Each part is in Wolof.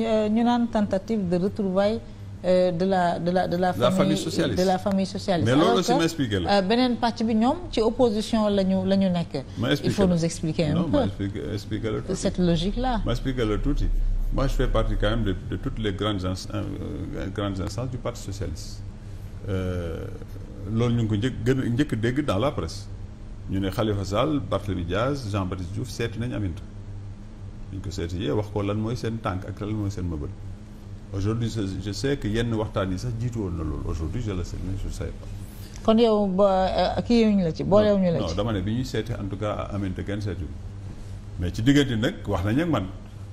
Euh, ñu naan tentative de retrouvailles euh, de la de la de la. famille, famille socialiste de la famille socialiste. mais loolu aussi ma expliqué la euh, beneen pàcc bi ñoom ci opposition la ñu la ñu nekk. il faut nous expliquer ma expliqué la tuuti cette logique là. ma expliqué la tuuti moi je fais partie quand de, toutes les grandes inst euh, grandes instances du parti socialiste. Euh, loolu ñu ngi ko njëkk gën njëkk dégg dans la presse ñu ne Khalifa Sall Barthélémy Diaz Jean-Baptiste Diouf seeti nañu Aminata. dañ ko certifié wax ko lan mooy seen tànk ak lan mooy seen mëbët aujourd'hui je sais que yenn waxtaan yi sax jiitu woon na loolu aujourd'hui je le sais mais je sais ba eh, kii la ci boolewuñu dama ne ñuy seeti en tout cas aminte kenn seetu mais ci diggante nag wax nañ ak man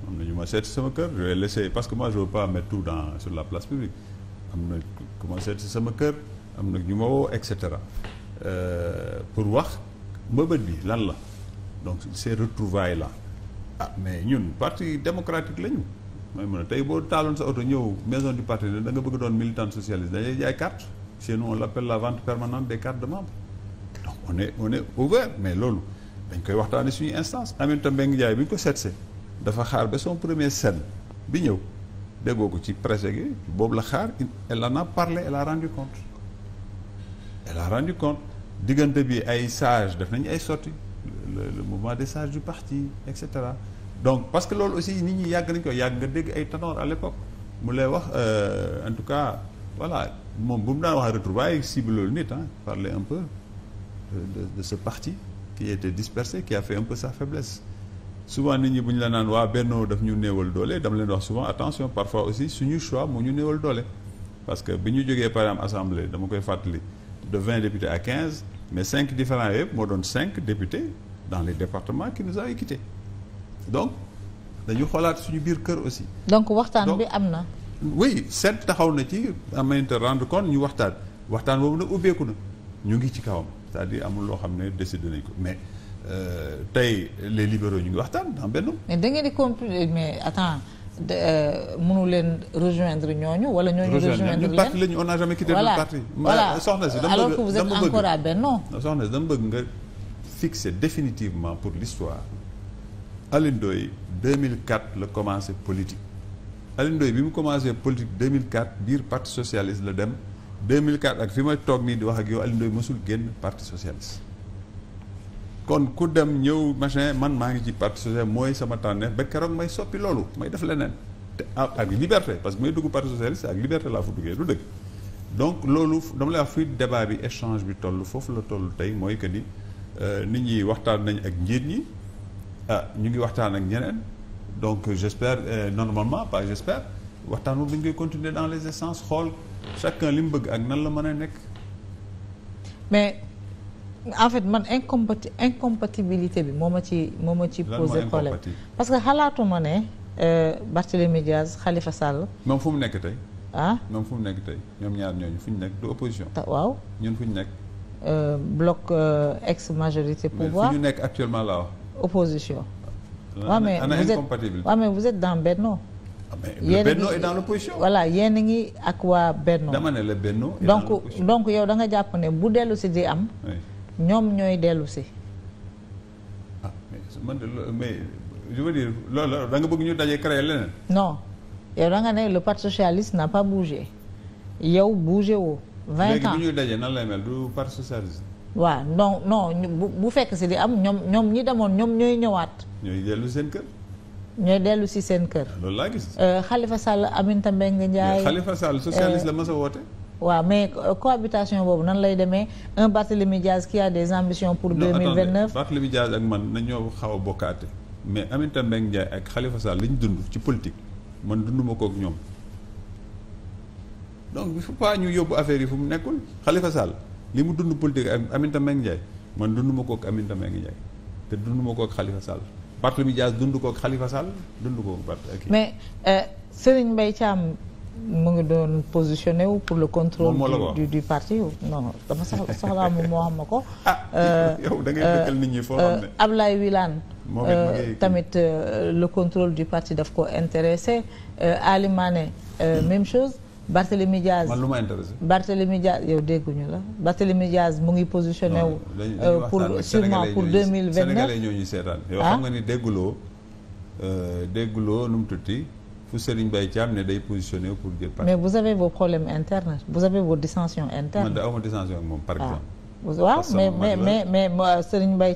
am na ñu ma seeti sama kër je vais laisser parce que moi je veux pas mettre tout dans sur la place publique am na ku ma seeti sama kër am na ñu ma woo et cetera euh, pour wax mbëbët bi lan la donc ces retrouvailles la ah mais ñun parti démocratique la ñu mooy mën a tey boo taaloon sa oto ñëw maison du parti da nga bëgg doon militant socialiste dañuy jaay carte chez nous on l'appelle la vente permanente des cartes de membres donc on est ouvert mais loolu dañ koy waxtaanee suñu instance Aminata Mbengue Ndiaye bi ñu ko se dafa xaar ba son premier scène bi ñëw déggoo ko ci presse gi boobu la xaar elle en a parlé elle a rendu compte elle a rendu compte diggante bi ay sage def nañ ay sotti le, le mouvement des sages du parti et cetera donc parce que loolu aussi nit ñi yàgg nañ ko yàgg nga dégg ay ténor à l'époque mu lay wax euh, en tout cas voilà moom bu mu daan wax retrouvailles cible loolu nit ah parler un peu de, de ce parti qui était dispersé qui a fait un peu sa faiblesse souvent nit ñi bu ñu la naan waa Benno daf ñu néewal doole dama leen wax souvent attention parfois aussi suñu choix moo ñu néewal doole parce que bi ñu jógee par exemple assemblée dama koy fàttali de vingt députés à quinze mais cinq différents moo doon cinq députés dans les départements qui nous avaient quittés donc dañu xoolaat suñu biir kër aussi. donc waxtaan bi am na. oui seet taxaw na ci am te rendre compte ñu waxtaan waxtaan boobu nag ubbeeku na ñu ngi ci kawam c'est-à-dire amul loo xam ne décidé nañ ko mais euh, tey les libéraux ñu ngi waxtaan dans benn. mais da ngeen di compli mais attends euh, mënu leen rejoindre ñooñu wala ñooñu. rejoindre ñun parti la on n'a jamais quitté. voilà parti soxna soxna si dama bëgg nga. fixé définitivement pour l'histoire Alioune Ndoye 2004 la commencé politique Alioune bi mu commencé politique 2004 biir parti socialiste la dem 2004 ak fi ma toog nii di wax ak yow Alioune Ndoye mësul génn parti socialiste kon ku dem ñëw machin man maa ngi ci parti socialiste mooy sama tànneef ba keroog may soppi loolu may def leneen te ak liberté parce que may dugg parti socialiste ak liberté laa fa duggee du dëgg donc loolu dama la wax fii débat bi échange bi toll foofu la toll tey mooy que ni Euh, nit ñi waxtaan nañ ak njiit ñi ah ñu ngi waxtaan ak ñeneen donc j'espère euh, normalement pas j'espère waxtaan moom dañ koy continuer dans les essences xool chacun li mu bëgg ak nan la mën a nekk. mais en fait man incompati incompatibilité bi moom ma ci moom a ci poser problème parce que xalaatuma ne euh, Barthélémy Diaz xalifa Sall. moom fu mu nekk tey. ah moom fu mu nekk tey ñoom ñaar ñooñu fu ñu nekk du opposition. waaw ñun fu ñu nekk. Euh, bloc euh, ex majorité pouvoir mais fi ñu nekk actuellement là opposition. waaw mais vous êtes waaw Benno. Ah, Benno est dans voilà yéen a ngi ak waa Benno. dama ne la Benno yow da nga jàpp ne bu dellu si di am. ñoom ñooy dellu si. ah mais man de dire loolu da bëgg ñu daje créer leneen. non yow da nga ne le parti socialiste n'a pa bougé yow bougé woo. vingt ans léegi bi ñuy daje nan lay mel du parti socialiste. waaw non non bu bu fekk si li am ñoom ñoom ñi demoon ñoom ñooy ñëwaat. ñooy dellu seen kër. ñooy dellu si seen kër. Ah, loolu laa gis. xalifa euh, Sall Aminata Mbengue Ndiaye. Khalifa Sall socialiste euh, la mas a woote. waa mais euh, cohabitation boobu nan lay demee un Barthélémy Diaz qui a des ambitions pour. deux mille vingt neuf Barthélémy Diaz ak man nañoo xaw a bokkaate mais Aminata Mbengue Ndiaye ak Khalifa Sall li ñu dund ci politique man dund ma ñoom. donc il ñu yóbbu affaire yi fu mu nekkul Khalifa Sall li mu dund politique ak Aminata Mbengue Ndiaye man dund ma ko ak Aminata Mbengue Ndiaye te dund ma ko ak Khalifa Sall Barthélémy Dias dund ko ak Khalifa Sall dund ko ak Barth mais euh, Serigne Mbaye Thiam mu ngi doon positionné wu pour le contrôle du du parti non dama soxlaa moo xam ma ko ah, euh, yow da ngay dëkkal nit ñi foo xam ne euh, Ablaye Wilane tamit le contrôle du parti daf ko intéressé Ali Mané hmm. même chose Barthélemy Diaz man lu ma intéressé Barthélemy Diaz yow dégguñu la Barthélemy Diaz mu ngi positionné wu. Euh, pour sûrement pour deux mille vingt neuf sénégalais ñoo ñu seetaan. yow ah? xam nga ni dégguloo euh, dégguloo nu mu tutti fu Serigne Baye Thiam ne day positionné pour jël parti. mais vous avez vos problèmes internes vous avez vos dissensions internes. man de aw ma dissension moom par ah. exemple. waaw mais mais mais mais mais Serigne Mbaye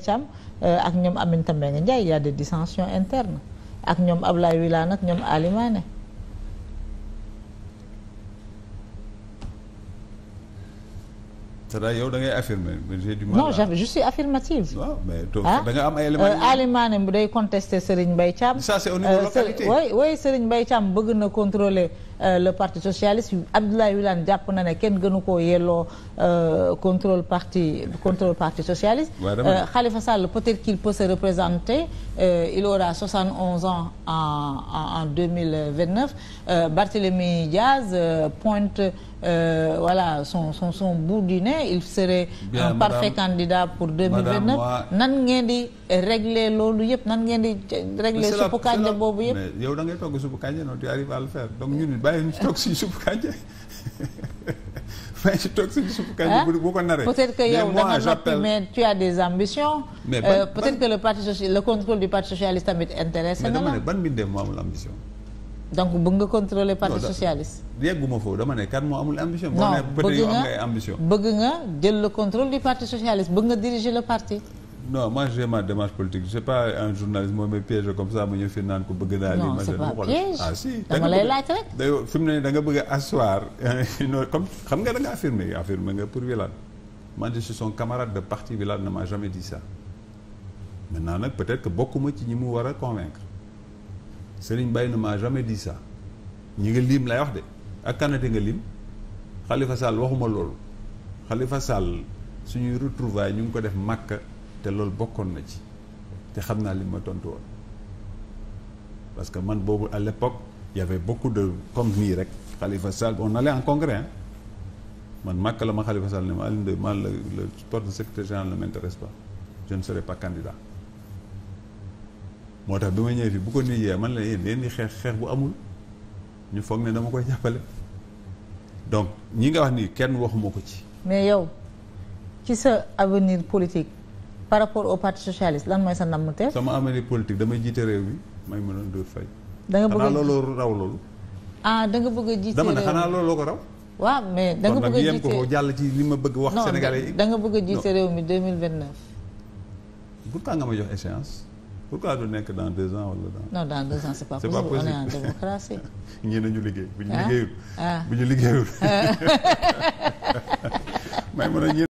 euh, ak ñoom Aminata Mbengue Ndiaye y a des dissensions internes ak ñoom Ablaye Wilane ñoom Alimane c'est-à-dire yow da ngay affirmer j'ai du affirmative. waaw mais nga am ay éléments. Euh, Ali Mané day contester Serigne Mbaye Thiam. ça c'est au niveau euh, localité. oui oui Serigne bëgg na contrôler. Euh, le parti socialiste Abdoulaye Wilane jàpp na ne kenn gënu koo yelloo euh, contrôle parti contrôle parti socialiste xalifa euh, Sall peut-être qu'il peut se représenter il aura 71 ans en en 2029 Barthélémy Diaz pointe Euh, voilà son son son bout du nez il serait Bien, un parfait candidat pour 2029 nan ngeen di régler loolu yëpp nan ngeen di régler suppu kànja boobu yëpp yow da ngay togg suppu kànja bàyyi ñu toog suñu suppu kànja bàyyi ñu toog suñu suppu kànja bu ko naree peut-être que yow da nga noppi mais tu as des ambitions mais euh, ban mbindeef moo amul ambition donc bëgg nga contrôler parti socialiste yegguma foofu dama ne kan moo amul ambition boo ne peut yow am ngay ambition bëgg nga jël le contrôle du parti socialiste bëgg nga diriger le parti non moi j'ai ma démarche politique c'est pas un journaliste moom mi piégé comme ça mu ñëw fi naan ko bëgg naa. non c'est pas piège ah lay laaj rek da fi mu ne da nga bëgg a asseoir comme xam nga da nga affirmé affirmé nga pour Wilane man je suis son camarade de parti Wilane ne m'a jamais dit ça maintenant nag peut-être que bokkuma ci ñi mu war a convaincre Serigne Baye ne m'a jamais dit ça ñi nga lim lay wax de ak kanate nga lim Khalifa Sall waxuma loolu Khalifa Sall suñuy ñu ngi ko def Makka. te loolu bokkoon na ci te xam naa li ma tontu woon parce que man boobu à l'époque y avait beaucoup de comme nii rek xalifa Sall on allait en congrès man màkk la ma Khalifa Sall ne ma Alioune Ndoye man la le porte secrétaire général ne m'intéresse pas je ne serai pas candidat moo tax bi ma ñëwee fii bu ko nit yee man la yéen leen di xeex xeex bu amul ñu foog ne dama koy jàppale donc ñi nga wax ni kenn waxuma ko ci mais yow ci sa avenir politique par rapport au parti socialiste lan mooy sa namm te sama amélie politique damay jiite réew mi may mënoon dóor fay. da nga bëgg raw loolu. ah da nga bëgg a jiite réew mi dama ne xanaa bëgg a jiite kon nag yem ko foofu jàll ci li ma bëgg wax. Sénégalais yi da nga bëgg a jiite réew mi 2029. pourquoi nga ma jox échéance. pourquoi du nekk dans deux ans wala dans. non dans deux ans c'est pas possible on est nañu liggéey. bu ñu ah, liggéeyul. Ah. may mën a